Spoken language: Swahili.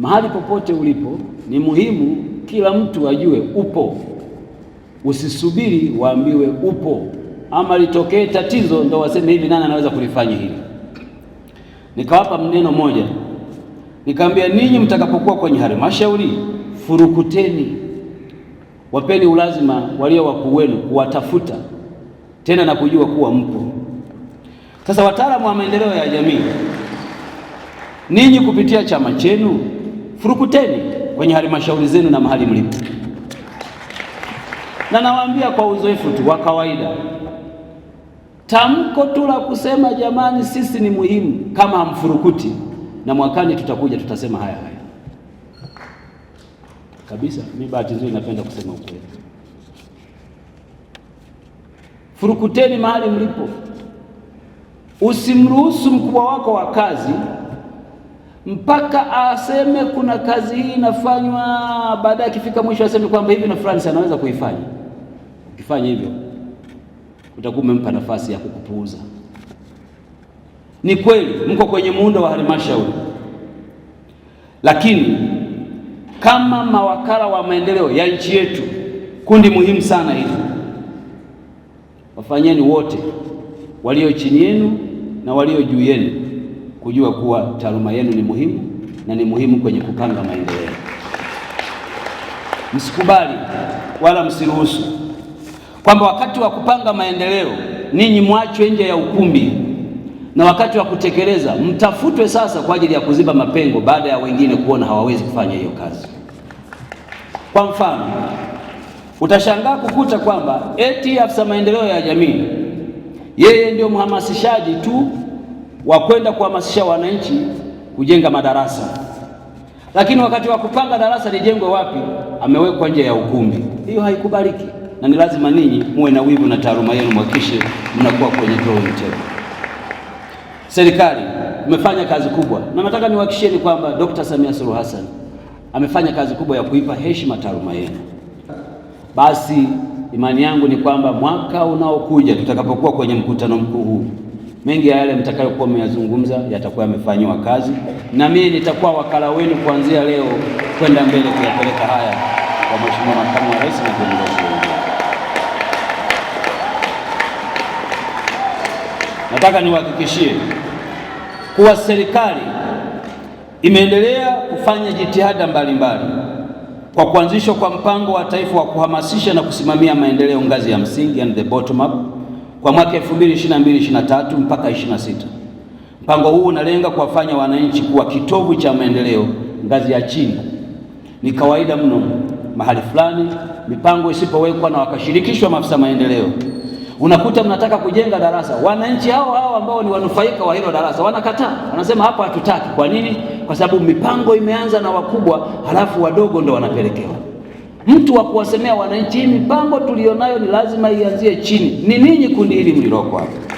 mahali popote ulipo, ni muhimu kila mtu ajue upo. Usisubiri waambiwe upo ama litokee tatizo ndo waseme hivi, nani anaweza kulifanya hili. Nikawapa mneno moja, nikamwambia ninyi mtakapokuwa kwenye halmashauri, furukuteni, wapeni ulazima walio wakuu wenu kuwatafuta tena na kujua kuwa mpo. Sasa wataalamu wa maendeleo ya jamii, ninyi kupitia chama chenu furukuteni kwenye halmashauri zenu na mahali mlipo, na nawaambia kwa uzoefu tu wa kawaida, tamko tu la kusema jamani, sisi ni muhimu, kama hamfurukuti na mwakani tutakuja tutasema haya haya kabisa. mi bahati nzuri napenda kusema ukweli. Furukuteni mahali mlipo, usimruhusu mkubwa wako wa kazi mpaka aseme kuna kazi hii inafanywa, baadaye akifika mwisho aseme kwamba hivi na fulani anaweza kuifanya. Ukifanya hivyo, utakuwa umempa nafasi ya kukupuuza. Ni kweli mko kwenye muundo wa halmashauri, lakini kama mawakala wa maendeleo ya nchi yetu, kundi muhimu sana hili, wafanyeni wote walio chini yenu na walio juu yenu kujua kuwa taaluma yenu ni muhimu na ni muhimu kwenye kupanga maendeleo. Msikubali wala msiruhusu kwamba wakati wa kupanga maendeleo ninyi mwachwe nje ya ukumbi na wakati wa kutekeleza mtafutwe sasa kwa ajili ya kuziba mapengo baada ya wengine kuona hawawezi kufanya hiyo kazi. Kwa mfano, utashangaa kukuta kwamba eti afisa maendeleo ya jamii yeye ndio mhamasishaji tu wa kwenda kuhamasisha wananchi kujenga madarasa, lakini wakati wa kupanga darasa lijengwe wapi amewekwa nje ya ukumbi. Hiyo haikubaliki na ni lazima ninyi muwe na wivu na taaluma yenu, mwakishe mnakuwa kwenye drawing table. Serikali imefanya kazi kubwa, na nataka niwahakikishieni kwamba Dr. Samia Suluhu Hassan amefanya kazi kubwa ya kuipa heshima taaluma yenu. Basi imani yangu ni kwamba mwaka unaokuja tutakapokuwa kwenye mkutano mkuu huu mengi ya yale mtakayokuwa mmeyazungumza yatakuwa yamefanyiwa kazi, na mimi nitakuwa wakala wenu kuanzia leo kwenda mbele kuyapeleka haya kwa Mheshimiwa Makamu wa Rais na viongozi wengine. Nataka niwahakikishie kuwa serikali imeendelea kufanya jitihada mbalimbali kwa kuanzishwa kwa mpango wa taifa wa kuhamasisha na kusimamia maendeleo ngazi ya msingi, and the bottom up kwa mwaka 2022-2023 mpaka 26. Mpango huu unalenga kuwafanya wananchi kuwa kitovu cha maendeleo ngazi ya chini. Ni kawaida mno mahali fulani mipango isipowekwa na wakashirikishwa maafisa maendeleo, unakuta mnataka kujenga darasa, wananchi hao hao ambao ni wanufaika wa hilo darasa wanakataa, wanasema hapa hatutaki. Kwa nini? Kwa sababu mipango imeanza na wakubwa, halafu wadogo ndo wanapelekewa mtu wa kuwasemea wananchi. Hii mipango tulionayo ni lazima ianzie chini. Ni ninyi kundi hili mliloko hapa.